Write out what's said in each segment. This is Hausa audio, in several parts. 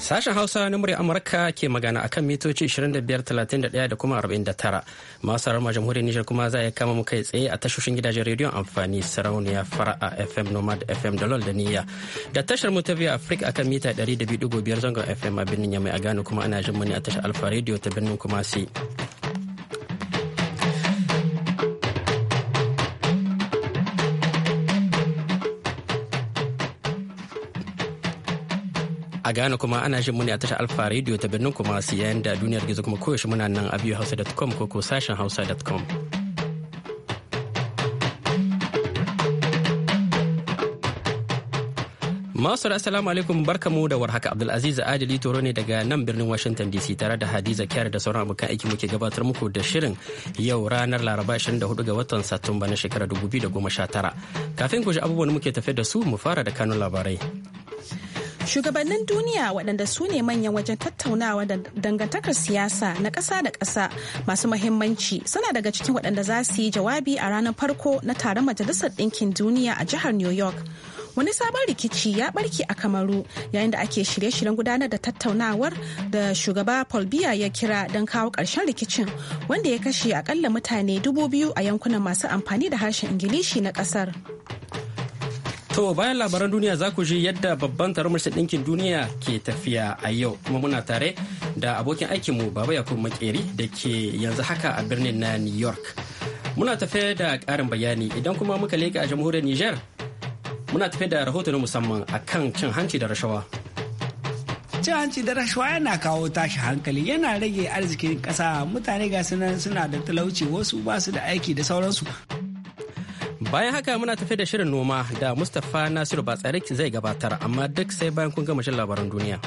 Sashen Hausa na murya Amurka ke magana akan mitoci 2531 da kuma 49. Masu rama jamhuriyar Nijar kuma za a kama muka kai tsaye a tashoshin gidajen rediyon amfani sarauniya fara'a FM Nomad FM da LOL da Niyya. Da tashar mu ta biya a akan mita 200.5 zangon FM a birnin Yamai a Gano kuma ana jin mani a tashar Alfa Radio ta birnin Kumasi. a Ghana kuma ana muni a tashar Alfa Radio ta birnin kuma su yayin da duniyar gizo kuma koyaushe muna nan a biyu ko ko sashen hausa.com. Masu assalamu alaikum barkamu da warhaka Abdulaziz Adili Toro ne daga nan birnin Washington DC tare da Hadiza Kyar da sauran abokan aiki muke gabatar muku da shirin yau ranar Laraba 24 ga watan Satumba na shekarar 2019. Kafin ku abubuwan muke tafe da su mu fara da kanun labarai. Shugabannin duniya waɗanda su ne manyan wajen tattaunawa da dangantakar siyasa na ƙasa da ƙasa masu mahimmanci suna daga cikin waɗanda za su yi jawabi a ranar farko na taron Majalisar Ɗinkin Duniya a jihar New York. wani sabon rikici ya barke a kamaru yayin da ake shirye-shiryen gudanar da tattaunawar da shugaba paul biya ya kira don kawo ƙarshen rikicin wanda ya kashe akalla mutane dubu biyu a yankunan masu amfani da harshen ingilishi na ƙasar To bayan labaran duniya za ku ji yadda babban taron majalisar ɗinkin duniya ke tafiya a yau kuma muna tare da abokin aikinmu Baba Yakub Makeri da ke yanzu haka a birnin na New York. Muna tafe da ƙarin bayani idan kuma muka leƙa a jamhuriyar Nijar muna tafe da rahoto na musamman kan cin hanci da rashawa. cin hanci da rashawa yana kawo tashi hankali yana rage arzikin ƙasa mutane ga suna da talauci wasu ba su da aiki da sauransu Bayan haka muna tafi da shirin noma da Mustapha Nasiru ba Batsarik zai gabatar amma duk sai bayan kun gama shan labaran duniya.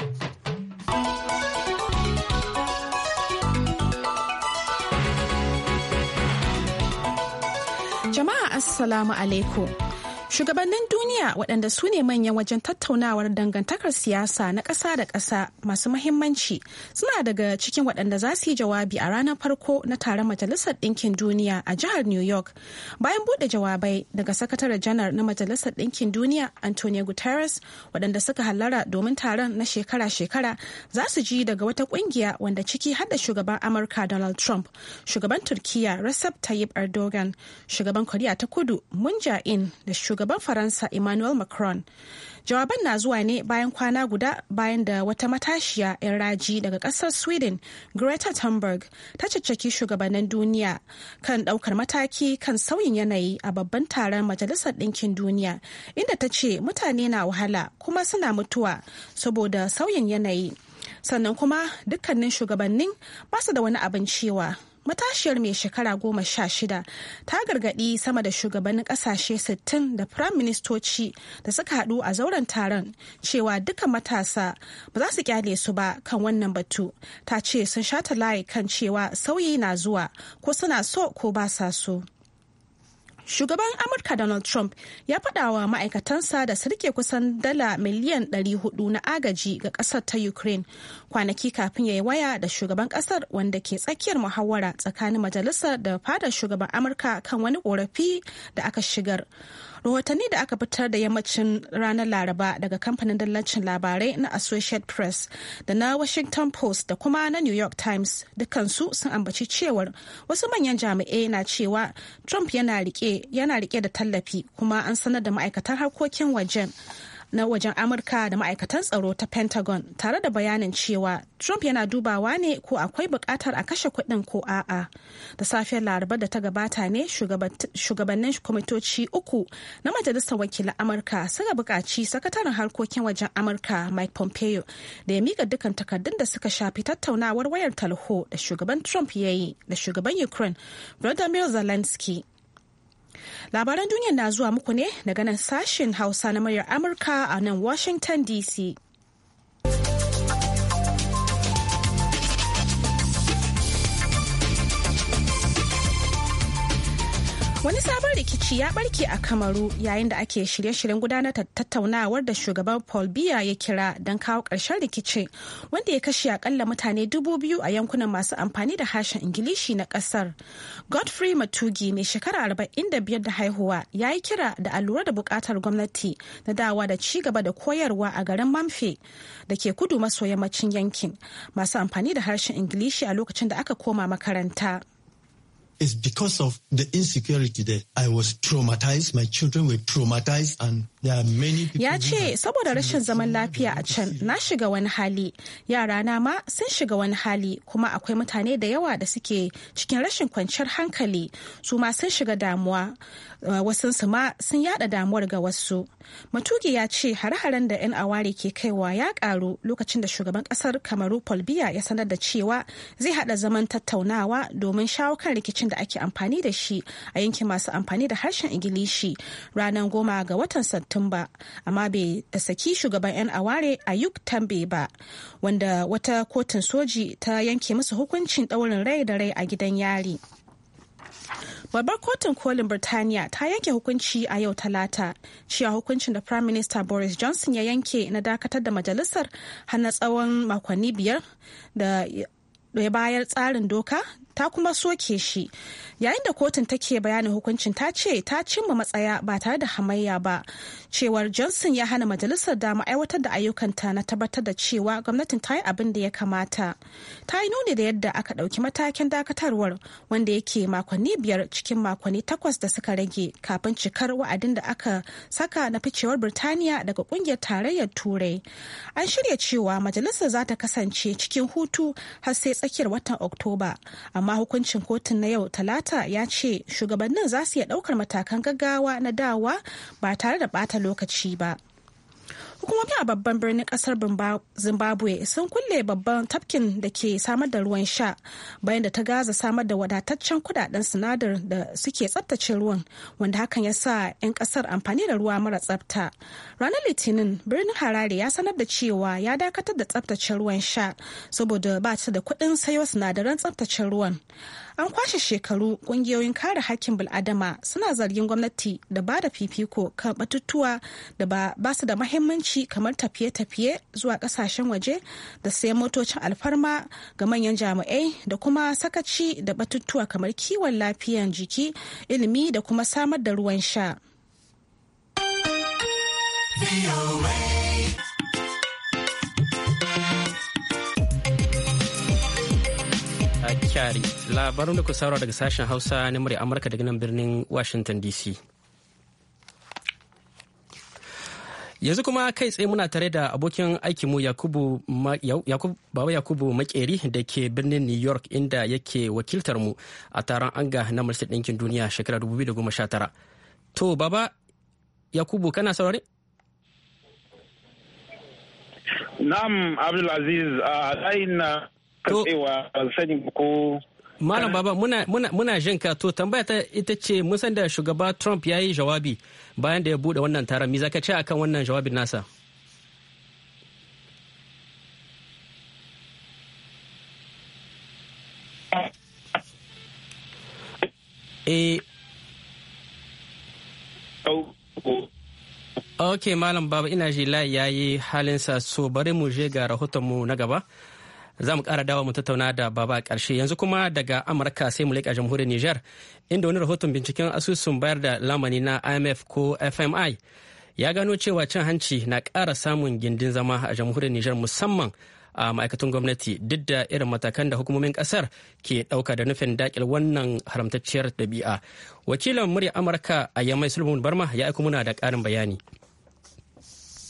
Jama'a Assalamu alaikum. Shugabannin duniya waɗanda su ne manyan wajen tattaunawar dangantakar siyasa na ƙasa da ƙasa masu mahimmanci suna daga cikin waɗanda za su yi jawabi a ranar farko na taron Majalisar Ɗinkin Duniya a jihar New York bayan buɗe jawabai daga Sakatare Janar na Majalisar Ɗinkin Duniya Antonio Guterres waɗanda suka hallara domin taron na shekara-shekara za su ji daga wata ƙungiya wanda ciki har da shugaban Amurka Donald Trump, shugaban Turkiyya Recep Tayyip Erdogan, shugaban Koriya ta Kudu Moon Jae-in da shugaban Faransa Emmanuel Macron. Jawaban na zuwa ne bayan kwana guda bayan da wata matashiya 'yan raji daga ƙasar Sweden, Greta Thunberg, ta caccaki shugabannin duniya kan ɗaukar mataki kan sauyin yanayi a babban taron Majalisar Ɗinkin Duniya, inda ta ce mutane na wahala kuma suna mutuwa saboda sauyin yanayi. Sannan kuma dukkanin shugabannin ba su da wani abin cewa matashiyar mai shekara goma sha shida ta gargaɗi sama da shugabannin ƙasashe sittin da firayim ministoci da suka haɗu a zauren taron cewa duka matasa ba za su kyale su ba kan wannan batu ta ce sun shata layi kan cewa sauyi na zuwa ko suna so ko ba sa so. Shugaban Amurka Donald Trump ya faɗa wa ma'aikatansa da sirke kusan dala miliyan 400 na agaji ga ƙasar ta Ukraine kwanaki kafin ya yi waya da shugaban ƙasar wanda ke tsakiyar muhawara tsakanin majalisar da fadar shugaban Amurka kan wani ƙorafi da aka shigar. rahotanni da aka fitar da yammacin ranar laraba daga kamfanin dallacin labarai na associate press da na washington post da kuma na new york times dukansu sun ambaci cewar wasu manyan jami'ai na cewa trump yana rike da tallafi kuma an sanar da ma'aikatan harkokin wajen na wajen amurka da ma'aikatan tsaro ta pentagon tare da bayanin cewa trump yana dubawa ne ko akwai bukatar a kashe kuɗin ko a'a da safiyar laraba da ta gabata ne shugabannin kwamitoci uku na majalisar wakilan amurka suka bukaci sakataren harkokin wajen amurka mike pompeo da ya mika dukkan takardun da suka shafi tattaunawar wayar talho da shugaban trump ya yi da shugaban ukraine volodymyr zelensky Labaran duniya na zuwa muku ne daga nan sashen Hausa na muryar Amurka a nan Washington DC. Wani sabon rikici ya barke a Kamaru yayin da ake shirye-shiryen gudanar da tattaunawar da shugaban Paul Biya ya kira don kawo ƙarshen rikici wanda ya kashe akalla mutane dubu biyu a yankunan masu amfani da harshen Ingilishi na ƙasar. Godfrey Matugi mai shekara arba'in da biyar da haihuwa ya yi kira da allura da buƙatar gwamnati na dawa da ci gaba da koyarwa a garin Mamfe da ke kudu maso yammacin yankin masu amfani da harshen Ingilishi a lokacin da aka koma makaranta. is because of the insecurity there. I was traumatized, my children were traumatized and there are many people. Ya ce saboda rashin zaman lafiya a can na shiga wani hali yara na ma sun shiga wani hali kuma akwai mutane da yawa da suke cikin rashin kwanciyar hankali su ma sun shiga damuwa eh, wasu su ma sun yada damuwar ga wasu. Matugi ya ce har haren da 'yan aware ke kaiwa ya karu lokacin da shugaban kasar Kamaru Paul Biya ya sanar da cewa zai hada zaman tattaunawa domin shawo kan rikicin harshen da ake amfani da shi a yankin masu amfani da harshen ingilishi ranar goma ga watan satumba amma bai da saki shugaban 'yan aware a yuk tambe ba wanda wata kotun soji ta yanke musu hukuncin ɗaurin rai da rai a gidan yari. babbar kotun kolin birtaniya ta yanke hukunci a yau talata cewa hukuncin da prime minister boris johnson ya yanke na dakatar da majalisar har tsawon makonni biyar da ya bayar tsarin doka ta kuma soke shi yayin da kotun take bayanin hukuncin ta ce ta cimma matsaya ba tare da hamayya ba cewar johnson ya hana majalisar dama aiwatar da ayyukanta na tabbatar da cewa gwamnatin ta yi abin da ya kamata ta yi nuni da yadda aka ɗauki matakin dakatarwar wanda yake makonni biyar cikin makonni takwas da suka rage kafin cikar wa'adin da aka saka na ficewar birtaniya daga kungiyar tarayyar turai an shirya cewa majalisar za ta kasance cikin hutu har sai tsakiyar watan oktoba amma hukuncin kotun na yau talata ya ce shugabannin za su iya ɗaukar matakan gaggawa na dawa ba tare da ɓata lokaci ba hukumomi a babban birnin kasar zimbabwe sun kulle babban tafkin da ke samar da ruwan sha bayan da ta gaza samar da wadataccen kudaden sinadar da suke tsabtace ruwan wanda hakan ya sa 'yan kasar amfani da ruwa mara tsabta ranar litinin birnin harare ya sanar da cewa ya dakatar da tsabtace ruwan sha saboda ba ta da kuɗin sayo sinadaran tsabtace ruwan an kwashe shekaru kungiyoyin kare hakkin bil'adama suna zargin gwamnati da ba da fifiko kan batutuwa da ba su da mahimmanci shi kamar tafiye-tafiye zuwa kasashen waje da sai motocin alfarma ga manyan jami'ai da kuma sakaci da batutuwa kamar kiwon lafiyan jiki ilimi da kuma samar da ruwan sha. Kyari labarin da ku saura daga sashen Hausa na murya Amurka daga nan birnin Washington DC. yanzu kuma kai tsaye muna tare da abokin aikinmu yakubu baba yakubu makeri da ke birnin new york inda yake wakiltar mu a taron anga na majalisar ɗinkin duniya shekara 2019 to baba yakubu kana saurari na'am abdulaziz a layin na katsewa sani ko malam baba muna, jinka to tambaya ta ita ce musan da shugaba trump ya yi jawabi bayan da ya bude wannan taron mi zaka ce akan wannan jawabin nasa eh ok malam baba ina ji layi yayi halinsa so bari mu je ga rahotonmu na gaba za mu kara dawo mu tattauna da baba karshe yanzu kuma daga amurka sai mu leƙa jamhuriyar niger inda wani rahoton binciken asusun bayar da lamani na imf ko fmi ya gano cewa cin hanci na ƙara samun gindin zama a jamhuriyar niger musamman a ma'aikatan gwamnati duk da irin matakan da hukumomin ƙasar ke ɗauka da nufin dakil wannan haramtacciyar ɗabi'a wakilan murya amurka a yamai sulmun barma ya aiko muna da ƙarin bayani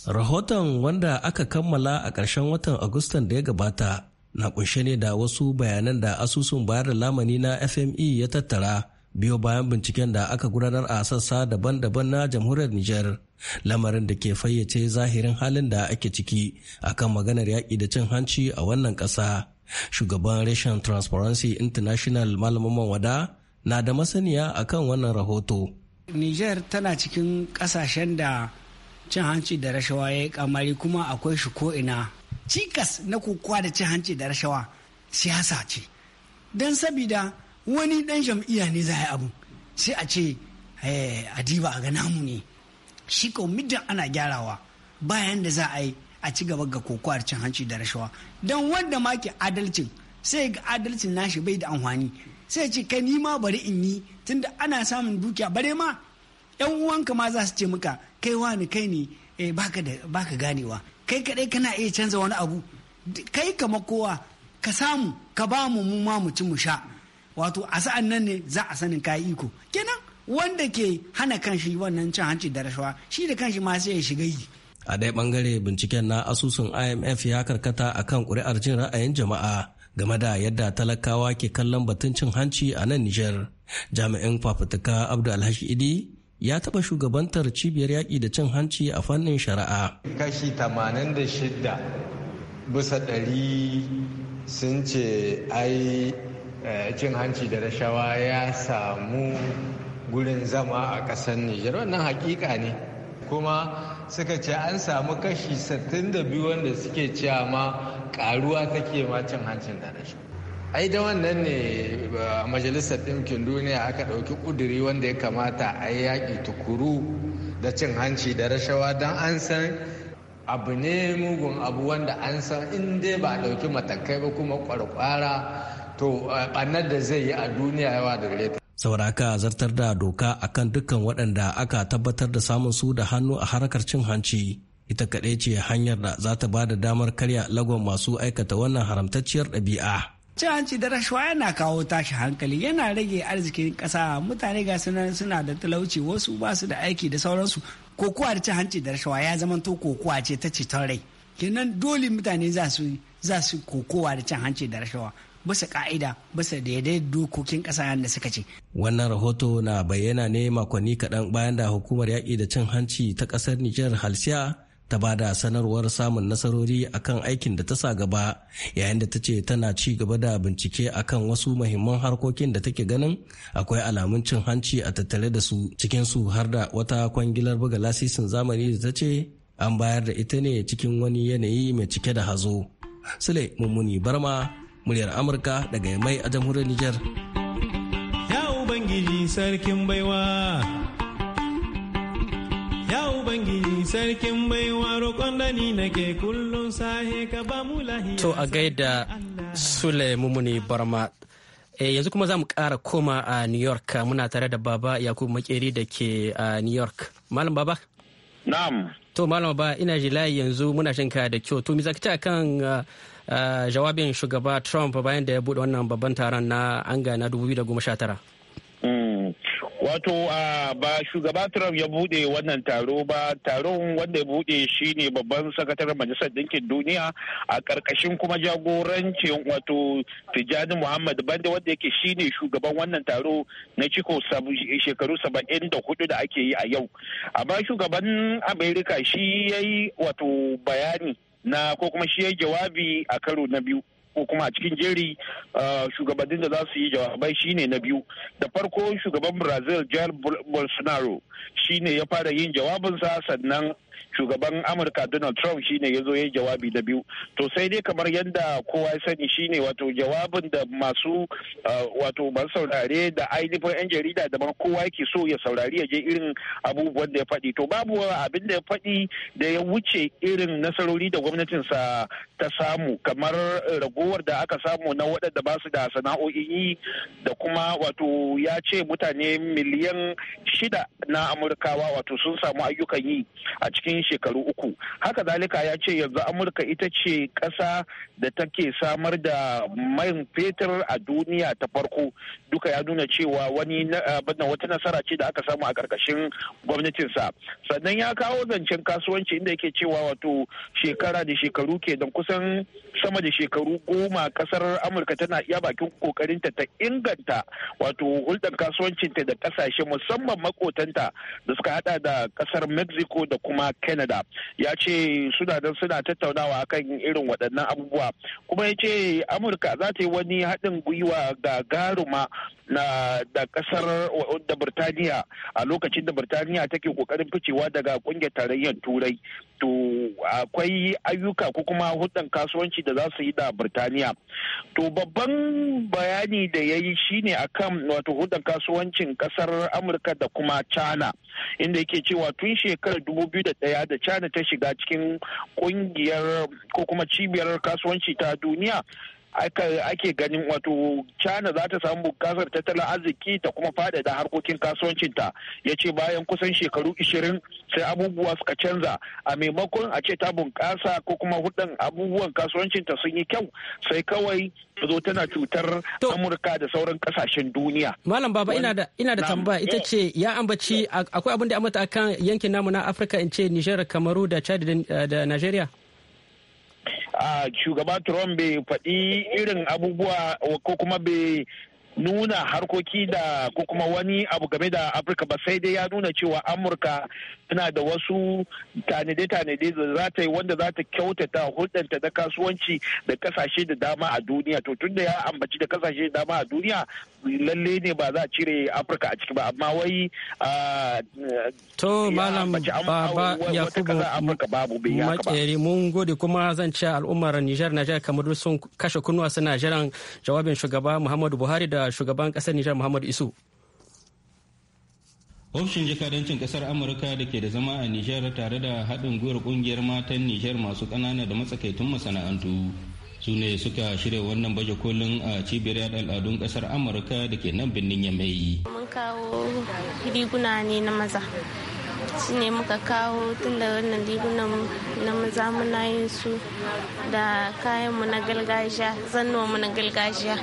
rahoton wanda aka kammala a ƙarshen watan agustan da ya gabata na kunshe ne da wasu bayanan da asusun bayar da lamani na fme ya tattara biyo bayan binciken da aka gudanar a sassa daban-daban na jamhuriyar Nijar, lamarin da ke fayyace zahirin halin da ake ciki akan maganar yaƙi da cin hanci a wannan ƙasa shugaban reshen transparency international malamin wada na da masaniya akan wannan rahoto Nijar tana cikin ƙasashen da cin hanci da rashawa ya kamari kuma akwai shi ko'ina cikas na kokowa da cin hanci da rashawa siyasa ce don sabida wani dan jam'iyya ne za a yi abu sai a ce eh, adiba a ga namu ne shi ko muddin ana gyarawa bayan da za a yi a ci gaba ga kokowa da cin hanci da rashawa don wanda ma ke adalcin sai ga adalcin nashi bai da amfani sai ce ka nima bari in yi tunda ana samun dukiya bare ma yan uwanka ma za su ce maka kai wani kai ne eh, baka ganewa kai kadai kana iya canza wani abu kai kama kowa ka samu ka ba mu mu ma mu ci mu sha wato a sa'an nan ne za a sanin kayi iko kenan wanda ke hana kanshi wannan cin hanci da rashawa shi da kanshi ma sai ya shiga yi a dai bangare binciken na asusun imf ya karkata akan ƙuri'ar jin ra'ayin jama'a game da yadda talakawa ke kallon batun cin hanci a nan nijar jami'in fafutuka abdu alhashi idi ya taɓa shugabantar cibiyar yaƙi da cin hanci a fannin shari'a. Kashi 86 bisa ɗari sun ce ai eh, cin hanci da rashawa ya samu gurin zama a ƙasar Nijar wannan hakika ne kuma suka ce an samu kashi 62 wanda suke cewa ma ƙaruwa take ma cin hancin da rashawa. ai da wannan ne majalisar ɗinkin duniya aka ɗauki ƙuduri wanda ya kamata a yi yaƙi tukuru da cin hanci da rashawa don an san abu ne mugun abu wanda an san in dai ba a ɗauki matakai ba kuma ƙwarƙwara to ɓannar da zai yi a duniya yawa da gare saboda aka zartar da doka akan dukkan waɗanda aka tabbatar da samun su da hannu a harkar cin hanci ita kaɗai ce hanyar da za ta ba da damar karya lagon masu aikata wannan haramtacciyar ɗabi'a. cin hanci da rashawa yana kawo tashi hankali yana rage arzikin ƙasa mutane ga suna da talauci wasu ba su da aiki da sauransu kokowa da cin hanci da rashawa ya zama to kokowa ce ta ceton rai kenan dole mutane za su za su kokowa da cin hanci da rashawa bisa ka'ida bisa daidai dokokin ƙasa da suka ce. Wannan rahoto na bayyana ne makonni kaɗan bayan da hukumar yaƙi da cin hanci ta ƙasar Nijar Halsiya ta ba da sanarwar samun nasarori akan aikin da ta sa gaba yayin da ta ce tana ci gaba da bincike akan wasu muhimman harkokin da take ganin akwai alamun cin hanci a tattare da su cikinsu har da wata kwangilar buga lasisin zamani da ta ce an bayar da ita ne cikin wani yanayi mai cike da hazo sule mummuni barma muryar amurka daga mai a jamhuriyar niger ya ubangiji sarkin baiwa ya ubangiji sarkin baiwa roƙon da ni nake kullum sahe ka ba mu lahiya. To a gaida Sule Mumuni Barma. E, yanzu kuma za mu ƙara koma a New York muna tare da Baba Yakubu Makeri da ke a New York. Malam Baba? Na'am. To Malam Baba ina ji layi yanzu muna shinka da kyau. To mi zaki ta kan jawabin shugaba Trump bayan da ya buɗe wannan babban taron na an na 2019? Wato ba shugaba Trump ya bude wannan taro ba taron wanda ya bude shine babban sakataren majalisar ɗinkin duniya a karkashin kuma jagorancin wato Tijjani Muhammad Bande wanda yake shi ne shugaban wannan taro na ciko shekaru saba'in da hudu da ake yi a yau. Amma shugaban Amerika shi ya yi wato bayani na ko kuma shi ya jawabi a karo na biyu. ko kuma a cikin jeri uh, shugabannin da za su yi jawabai shine na biyu da farko shugaban brazil jair bolsonaro shine ya fara yin jawabinsa sannan shugaban amurka donald trump shine ya zo ya jawabi da biyu to sai dai kamar yadda kowa ya sani shine wato jawabin da masu uh, wato masu saurare da ainihin yan jarida da kowa yake so ya saurari ya je irin abubuwan da ya faɗi to babu abin da ya faɗi da ya wuce irin nasarori da gwamnatin sa ta samu kamar ragowar da aka samu na waɗanda ba su da sana'o'in yi da kuma wato ya ce mutane miliyan shida na amurkawa wato sun samu ayyukan yi a cikin cikin shekaru uku haka zalika ya ce yanzu amurka ita ce ƙasa da take samar da man fetur a duniya ta farko duka ya nuna cewa wani na wata nasara ce da aka samu a ƙarƙashin gwamnatinsa sannan ya kawo zancen kasuwanci inda yake cewa wato shekara da shekaru ke don kusan sama da shekaru goma ƙasar amurka tana iya bakin ƙoƙarinta ta inganta wato hulɗar kasuwancinta da ƙasashe musamman makotanta da suka haɗa da ƙasar mexico da kuma canada ya ce suna nan suna tattaunawa akan irin waɗannan abubuwa kuma ya ce amurka za ta yi wani haɗin gwiwa ga garuma na da ƙasar da birtaniya a lokacin da birtaniya take ƙoƙarin ficewa daga ƙungiyar tarayyar turai to akwai ayyuka ko kuma hudun kasuwanci da za su yi da birtaniya to babban bayani da ya yi shine akan wato hudun kasuwancin ƙasar amurka da kuma china inda yake cewa tun shekarar daya da China ta shiga cikin kungiyar ko kuma cibiyar kasuwanci ta duniya ake ganin wato china za ta samu bukasar tattalin arziki ta kuma faɗaɗa harkokin kasuwancinta ya ce bayan kusan shekaru 20 sai abubuwa suka canza a maimakon a ce ta bunƙasa ko kuma hudun abubuwan kasuwancinta sun yi kyau sai kawai zo tana cutar amurka da sauran kasashen duniya malam baba ina da tambaya ita ce ya ambaci akwai abin da amata akan yankin namu na afirka in ce nijar kamaru da chad da nigeria Ah, shugaba Trump bai faɗi irin abubuwa ko kuma bai nuna harkoki da ko kuma wani abu game da afirka ba sai dai ya nuna cewa amurka tana da wasu tanade-tanade da za ta yi wanda za ta kyautata hulɗanta na kasuwanci da kasashe da dama a duniya to tunda ya ambaci da kasashe da dama a duniya lalle ne ba za a cire afirka a ciki ba amma wai to malam baba yakubu makeri mun gode kuma zan ce al'ummar nijar nijar kamar sun kashe kunnuwa suna jiran jawabin shugaba muhammadu buhari da shugaban kasar Nijar Muhammadu Isu. Ofishin jakadancin kasar Amurka da ke da zama a Nijar tare da haɗin gwiwar kungiyar matan Nijar masu ƙanana da matsakaitun masana'antu su ne suka shirya wannan baje kolin a cibiyar yada al'adun kasar amurka da ke nan birnin yamai mun kawo riguna ne na maza shi ne muka kawo tun da wannan rigunan na maza muna yin su da kayanmu na gargajiya zannuwanmu na gargajiya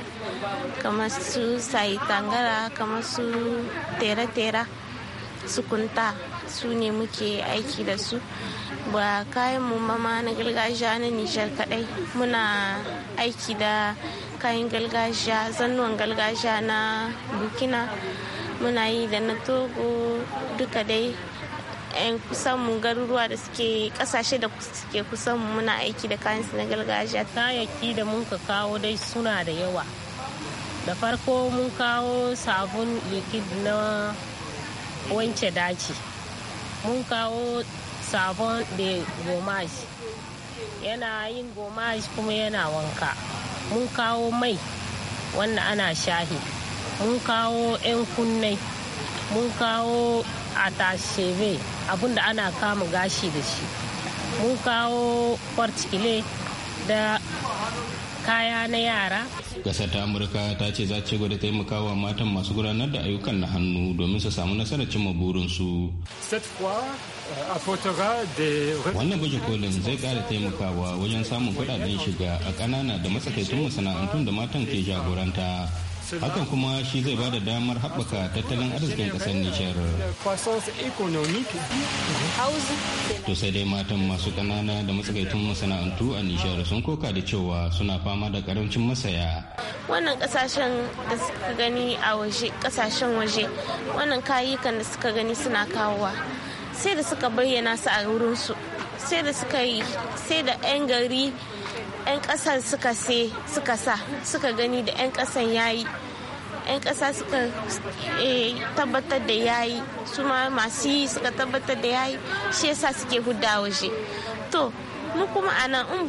kamar su sai tangara kamar su tera-tera su kunta su ne muke aiki da su ba kayan mu mama na gargajiya na nijar kadai muna aiki da kayan gargajiya zannuwan gargajiya na burkina muna yi da na togo duka dai yan kusan mu garuruwa da suke kasashe da suke kusan muna aiki da kayan su na gargajiya kayayyaki da mun kawo dai suna da yawa da farko mun kawo sabon likid na wance daji mun kawo sabon da gomaj yana yin gomaj kuma yana wanka mun kawo mai wanda ana shahi mun kawo 'yan kunnai mun kawo atashebe abinda ana kama gashi da shi mun kawo kwartikile da kaya na yara. Gasar ta Amurka ta ce za ce gwada taimakawa matan masu gudanar da ayyukan na hannu domin su samu nasarar cimma burinsu. Euh, Wannan baje kolin zai ƙara taimakawa wajen samun kuɗaɗen shiga a ƙanana da matsakaitun masana'antun da matan ke jagoranta. hakan kuma shi zai ba da damar haɓaka tattalin arzikin ƙasar nishar to sai dai matan masu ƙanana da matsakaitun masana'antu a nishar sun koka da cewa suna fama da ƙarancin masaya wannan ƙasashen da suka gani a waje ƙasashen waje wannan kayayyukan da suka gani suna kawowa sai da suka bayyana su a wurinsu sai da suka yi sai da 'yan gari 'yan ƙasar suka se suka sa suka gani da 'yan ya yayi 'yan kasa suka eh, tabbatar da yayi su ma masu yi suka tabbatar da yayi shi yasa suke huda waje to mu kuma a nan in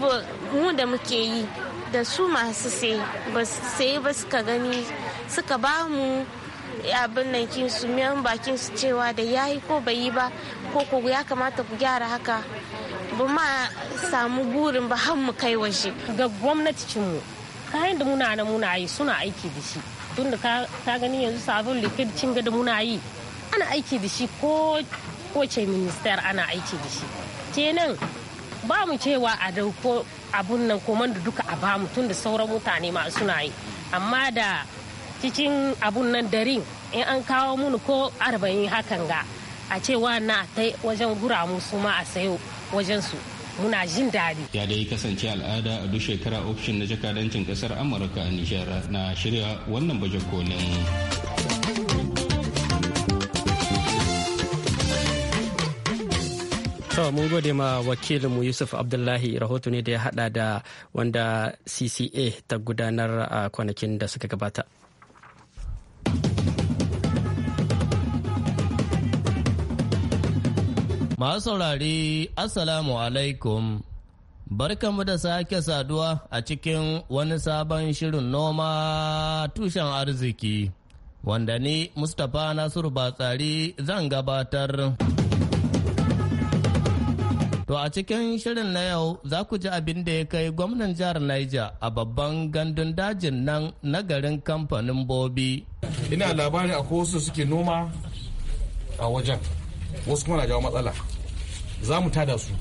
mu da muke yi da su masu sai ba sai ba suka gani suka ba mu abin nan kinsu miyan bakin su cewa da yayi ko bai yi ba ko ku ya kamata ku gyara haka ba ma samu burin ba mu kai waje ga gwamnaticinmu kayan da muna na muna yi suna aiki da shi tun da ka gani yanzu sabon likircin da muna yi ana aiki da shi ko koce minister ana aiki da shi kenan ba mu cewa a dauko abun nan da duka a bamu tun da sauran mutane ma suna yi amma da cikin abun nan darin in an kawo mun ko arba'in hakan ga a cewa na ta wajen gura musu ma a sayo wajensu muna jin daɗi. Ya dai kasance al'ada a duk shekara ofishin na jakadancin ƙasar Amurka a Nijar na shirya wannan baje kolin. To mun gode ma wakilinmu Yusuf Abdullahi rahoto ne da ya hada da wanda CCA ta gudanar a kwanakin da suka gabata. Masu saurari Assalamu alaikum. Barkanmu da sake saduwa a cikin wani sabon shirin noma tushen arziki, wanda ni Mustapha Nasiru Batsari zan gabatar. To a cikin shirin na yau za ku ji abin da ya kai gwamnan jihar Niger a babban gandun dajin nan na garin kamfanin Bobi. Ina labari a wasu suke noma a wajen. wasu kuma na jawo matsala za mu tada su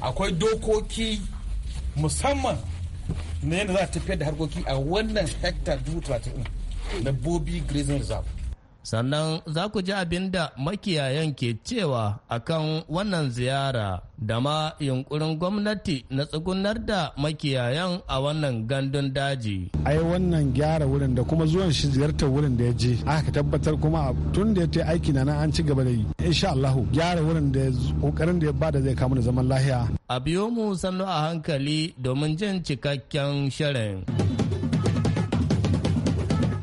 akwai dokoki musamman na yadda za a tafiyar da harkoki a wannan hektar dubu na dabbobi grazing reserve sannan za ku ji abin da makiyayan ke cewa akan wannan ziyara da ma yunkurin gwamnati na tsugunar da makiyayan a wannan gandun daji. ai wannan gyara wurin da kuma zuwan shi ziyartar wurin da ya je aka tabbatar kuma tun da ya ta aiki na an ci gaba da yi insha Allah gyara wurin da kokarin da ya bada zai kamu da zaman lahiya a biyo mu sannu a hankali domin jin cikakken shirin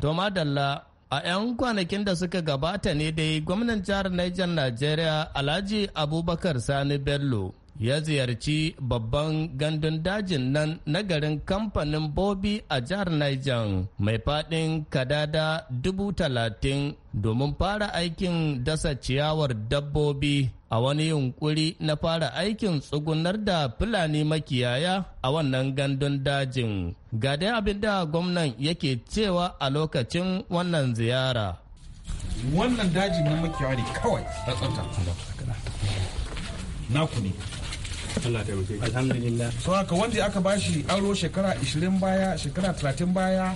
to madalla A 'yan kwanakin da suka gabata ne dai gwamnan jihar Niger Najeriya Alhaji Abubakar Sani Bello ya ziyarci babban gandun dajin nan na garin kamfanin bobi a jihar Niger mai faɗin kadada dubu talatin domin fara aikin dasa ciyawar dabbobi a wani yunkuri na fara aikin tsugunar da fulani makiyaya a wannan gandun dajin ga dai abin da gwamnan yake cewa a lokacin wannan ziyara wannan dajin na makiyaya kawai na ku ne Allah ta muke alhamdulillah so haka wanda aka bashi aro shekara 20 baya shekara 30 baya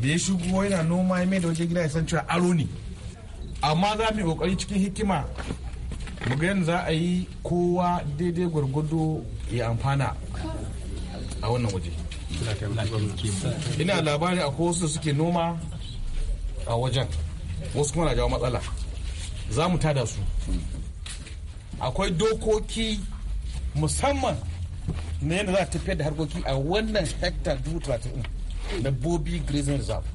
da ya shigo yana noma ya mai da waje gida ya san cewa aro ne amma za mu yi kokari cikin hikima mu ga yadda za a yi kowa daidai gwargwado ya amfana a wannan waje ina labari a wasu suke noma a wajen wasu kuma na jawo matsala za mu tada su akwai dokoki musamman na yadda za a tafiyar da harkoki a wannan hektar dubu talatin na bobi grazing reserve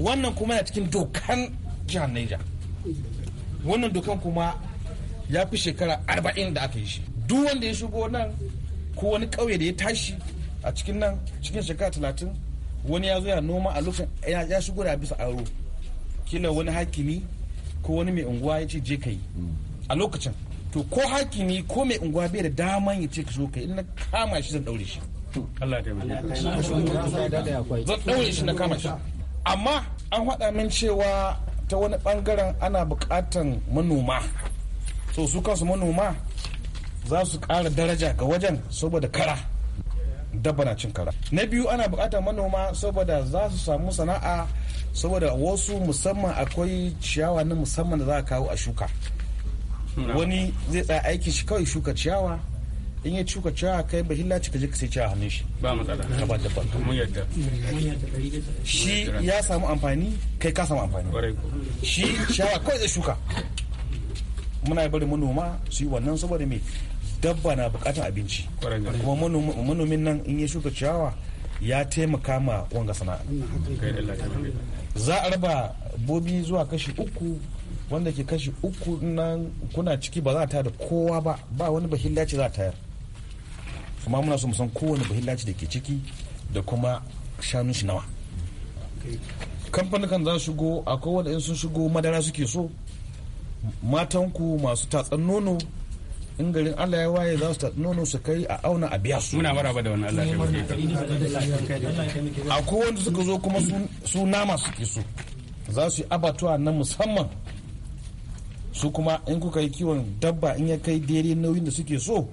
wannan kuma yana cikin dokan jihar Niger wannan dokan kuma ya fi shekara arba'in da aka yi shi duk wanda ya shigo nan ko wani ƙauye da ya tashi a cikin nan cikin shekara talatin wani ya zo ya noma a lokacin ya shigo da bisa aro kila wani hakimi ko wani mai unguwa ya ce je ka yi a lokacin to ko hakimi ko mai unguwa bai da daman ya ce ka so ka in na kama shi zan daure shi Allah ta daure shi na kama shi amma an haɗa min cewa ta wani bangaren ana buƙatan manoma so su kansu manoma za su ƙara daraja ga wajen saboda kara dabba na cin kara na biyu ana buƙatar manoma saboda za su samu sana'a saboda wasu musamman akwai ciyawa na musamman da za a kawo a shuka wani zai tsaya aikin shi kawai shuka ciyawa in ya shuka ciyawa kai ba hillaci ka je ka sai ciyawa hannun shi ba matsala ba ta da mun yadda shi ya samu amfani kai ka samu amfani shi ciyawa kawai zai shuka muna bari manoma su yi wannan saboda me dabba na bukatar abinci kuma manomin nan in ya shuka ciyawa ya taimaka ma wanga sana'a za a raba bobi zuwa kashi uku wanda ke kashi uku nan kuna ciki ba za ta da kowa ba ba wani bahillaci za ta tayar amma muna so mu san kowane bahillaci da ke ciki da kuma shanun shi nawa kamfanikan za su shigo akwai wanda in sun shigo madara suke so matanku masu tatsan nono in garin Allah ya waye za su tatsan nono su kai a auna a biya su. Muna maraba da wannan Allah ya waye. Akwai wanda suka zo kuma su nama suke so. Za su yi abatuwa na musamman su kuma in kuka yi kiwon dabba in ya kai daidai nauyin da suke so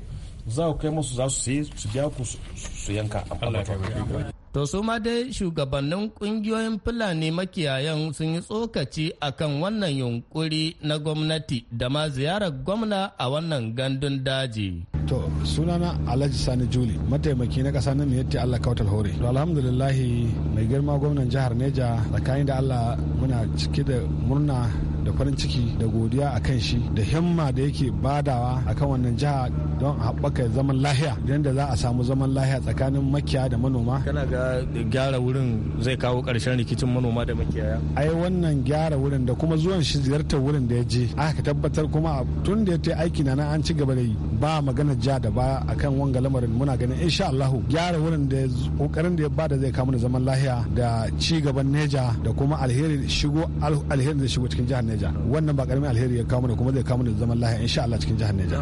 za ku kai masu za su sai su biya ku su yanka a To su ma dai shugabannin kungiyoyin Fulani makiyayan sun yi tsokaci akan wannan yunkuri na gwamnati da ma ziyarar gwamna a wannan gandun daji. To sunana Alhaji Sani Juli mataimaki na ƙasa na miyatti Allah Kautal Hore. To alhamdulillahi mai girma gwamnan jihar Neja tsakanin da Allah muna cike da murna da farin ciki da godiya a kan shi da himma da yake badawa a kan wannan jiha don haɓaka zaman lahiya yadda za a samu zaman lahiya tsakanin makiya da manoma. Kana ga gyara wurin zai kawo ƙarshen rikicin manoma da makiyaya ai wannan gyara wurin da kuma zuwan shi ziyartar wurin da ya je aka tabbatar kuma tun da ya ta aiki na an ci gaba da yi ba magana ja da ba akan wanga lamarin muna ganin insha Allah gyara wurin da kokarin da ya bada zai kawo da zaman lahiya da ci gaban Neja da kuma alheri shigo alheri da shigo cikin jihar Neja wannan ba karamin alheri ya kawo da kuma zai kawo da zaman lahiya insha Allah cikin jihar Neja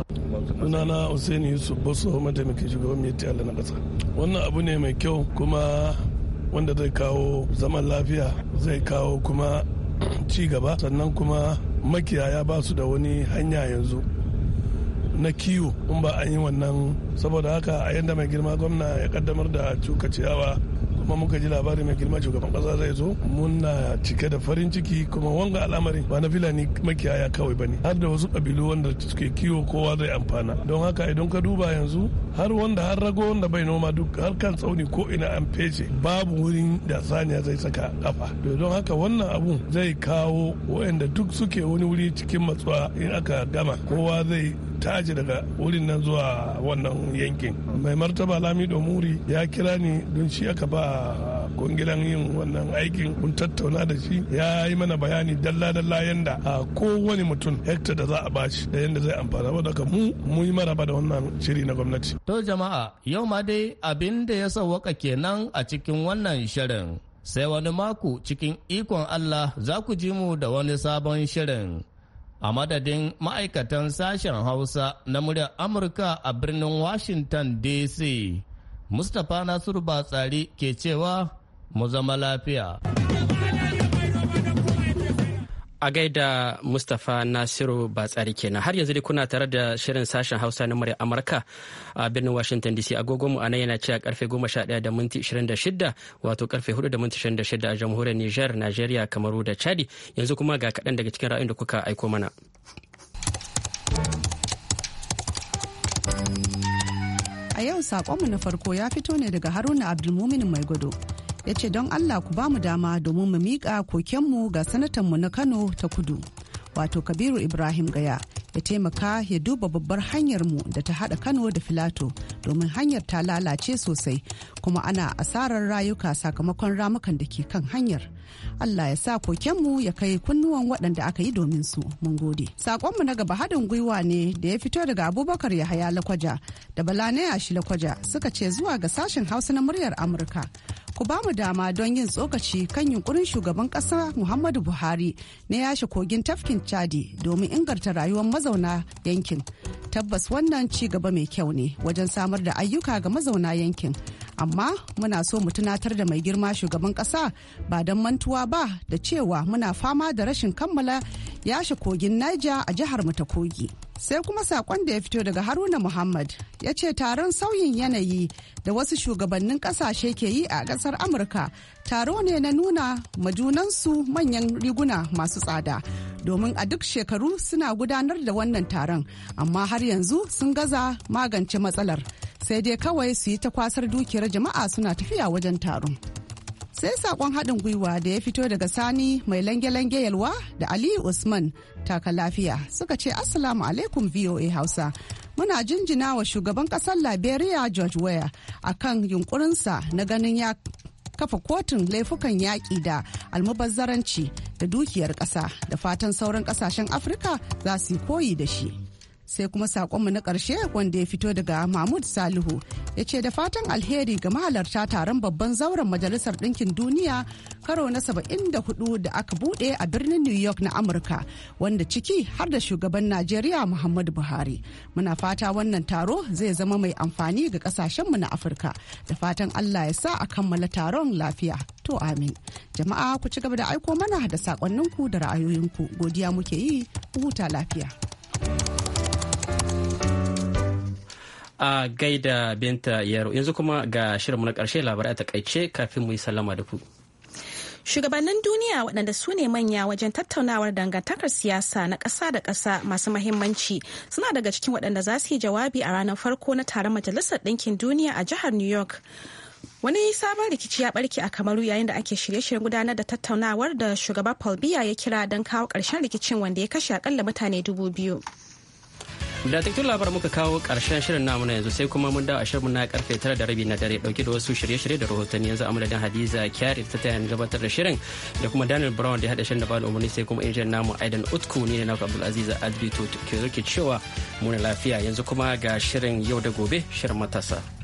sunana Hussein Yusuf Bosso mataimakin shugaban mai tiyala na kasa wannan abu ne mai kyau kuma wanda zai kawo zaman lafiya zai kawo kuma ci gaba sannan kuma makiyaya ba su da wani hanya yanzu na kiwo in ba an yi wannan saboda haka a yadda mai girma gwamna ya kaddamar da cuka ciyawa kuma muka ji labarin mai girma shugaban kasa zai zo muna cike da farin ciki kuma wanga al'amarin ba na filani makiyaya kawai bane har da wasu kabilu wanda suke kiwo kowa zai amfana don haka idan ka duba yanzu har wanda har rago wanda bai noma duk har kan tsauni ko ina an fece babu wurin da saniya zai saka kafa don haka wannan abun zai kawo waɗanda duk suke wani wuri cikin matsuwa in aka gama kowa zai taji daga wurin nan zuwa wannan yankin mai martaba lamido muri ya kira ni don shi aka ba kungilan yin wannan aikin kun tattauna da shi ya yi mana bayani dalla-dalla yanda a kowane mutum hekta da za a bashi da yanda zai amfana ba daga mu mu yi maraba da wannan shiri na gwamnati. To jama'a yau ma dai abin da ya sauwaka kenan a cikin wannan shirin sai wani mako cikin ikon Allah za ku ji mu da wani sabon shirin. a madadin ma'aikatan sashen Hausa na muryar Amurka a birnin Washington DC. Mustapha Nasiru Batsari ke cewa mu zama lafiya. A gaida Mustapha Nasiru Batsari kenan har yanzu dai kuna tare da shirin sashen Hausa na murya Amurka a birnin Washington DC agogonmu mu anan yana cewa karfe 11 da minti 26 wato karfe 4 da minti 26 a jamhuriyar Nijar, Najeriya, Kamaru da Chadi yanzu kuma ga kaɗan daga cikin ra'ayin da kuka aiko mana. A yau saƙonmu na farko ya fito ne daga Haruna Abdulmumin mai gudu ya ce don Allah ku ba mu dama domin mu miƙa kokenmu ga mu na Kano ta kudu. Wato Kabiru Ibrahim Gaya ya taimaka ya duba babbar hanyarmu da ta haɗa Kano da Filato domin hanyar ta lalace sosai kuma ana asarar rayuka sakamakon ramukan da ke kan hanyar. Allah ya sa kokenmu ya kai kunnuwan waɗanda aka yi domin su mun gode. saƙonmu na gaba haɗin gwiwa ne da ya fito daga Abubakar Yahaya Lakwaja da bala na shi Lakwaja suka ce zuwa ga sashen Hausa na muryar Amurka. ku ba mu dama don yin tsokaci kan yunkurin shugaban kasa Muhammadu Buhari na yashe kogin tafkin Chadi domin inganta rayuwar mazauna yankin. Tabbas wannan ci gaba mai kyau ne wajen samar da ayyuka ga mazauna yankin. Amma muna so mu tunatar da mai girma shugaban kasa ba don mantuwa ba da cewa muna fama da rashin kammala yashe kogin Niger a jihar mu ta kogi. sai kuma sakon da ya fito daga haruna muhammad ya ce taron sauyin yanayi da wasu shugabannin kasashe ke yi a kasar amurka taro ne na nuna majunansu manyan riguna masu tsada domin a duk shekaru suna gudanar da wannan taron amma har yanzu sun gaza magance matsalar sai dai kawai su yi ta kwasar dukiyar jama'a suna tafiya wajen taron. sai sakon haɗin gwiwa da ya fito daga sani mai lange-lange yalwa da aliyu usman taka lafiya suka ce assalamu alaikum voa hausa muna jinjina wa shugaban ƙasar liberia george weah akan yunkurinsa na ganin ya kafa kotun laifukan yaƙi da almubazzaranci da dukiyar ƙasa da fatan sauran ƙasashen afirka za su yi koyi da shi sai kuma sakonmu na ƙarshe wanda ya fito daga mahmud salihu ya ce da fatan alheri ga mahalarta taron babban zauren majalisar ɗinkin duniya karo na 74 da aka buɗe a birnin new york na amurka wanda ciki har da shugaban najeriya muhammadu buhari muna fata wannan taro zai zama mai amfani ga ƙasashenmu na afirka da fatan allah ya sa a kammala taron lafiya to amin jama'a ku ci gaba da aiko mana da saƙonninku da ra'ayoyinku godiya muke yi huta lafiya. thank you a gaida binta yaro yanzu kuma ga shirinmu na ƙarshe labarai a takaice kafin mu yi sallama da ku shugabannin duniya waɗanda su ne manya wajen tattaunawar dangantakar siyasa na ƙasa da ƙasa masu mahimmanci suna daga cikin waɗanda za su yi jawabi a ranar farko na taron majalisar ɗinkin duniya a jihar new york wani sabon rikici ya ɓarke a kamaru yayin da ake shirye-shiryen gudanar da tattaunawar da shugaba paul biya ya kira don kawo ƙarshen rikicin wanda ya kashe aƙalla mutane dubu biyu da takaitun labar muka kawo karshen shirin namu na yanzu sai kuma mun dawo a shirin na karfe tara da rabi na dare dauke da wasu shirye-shirye da rahotanni yanzu amadadin hadiza kyari ta tayan gabatar da shirin da kuma daniel brown da hada shirin da bada umarni sai kuma injin namu aidan utku ne da naku abdulaziz adbito ke zoke cewa muna lafiya yanzu kuma ga shirin yau da gobe shirin matasa.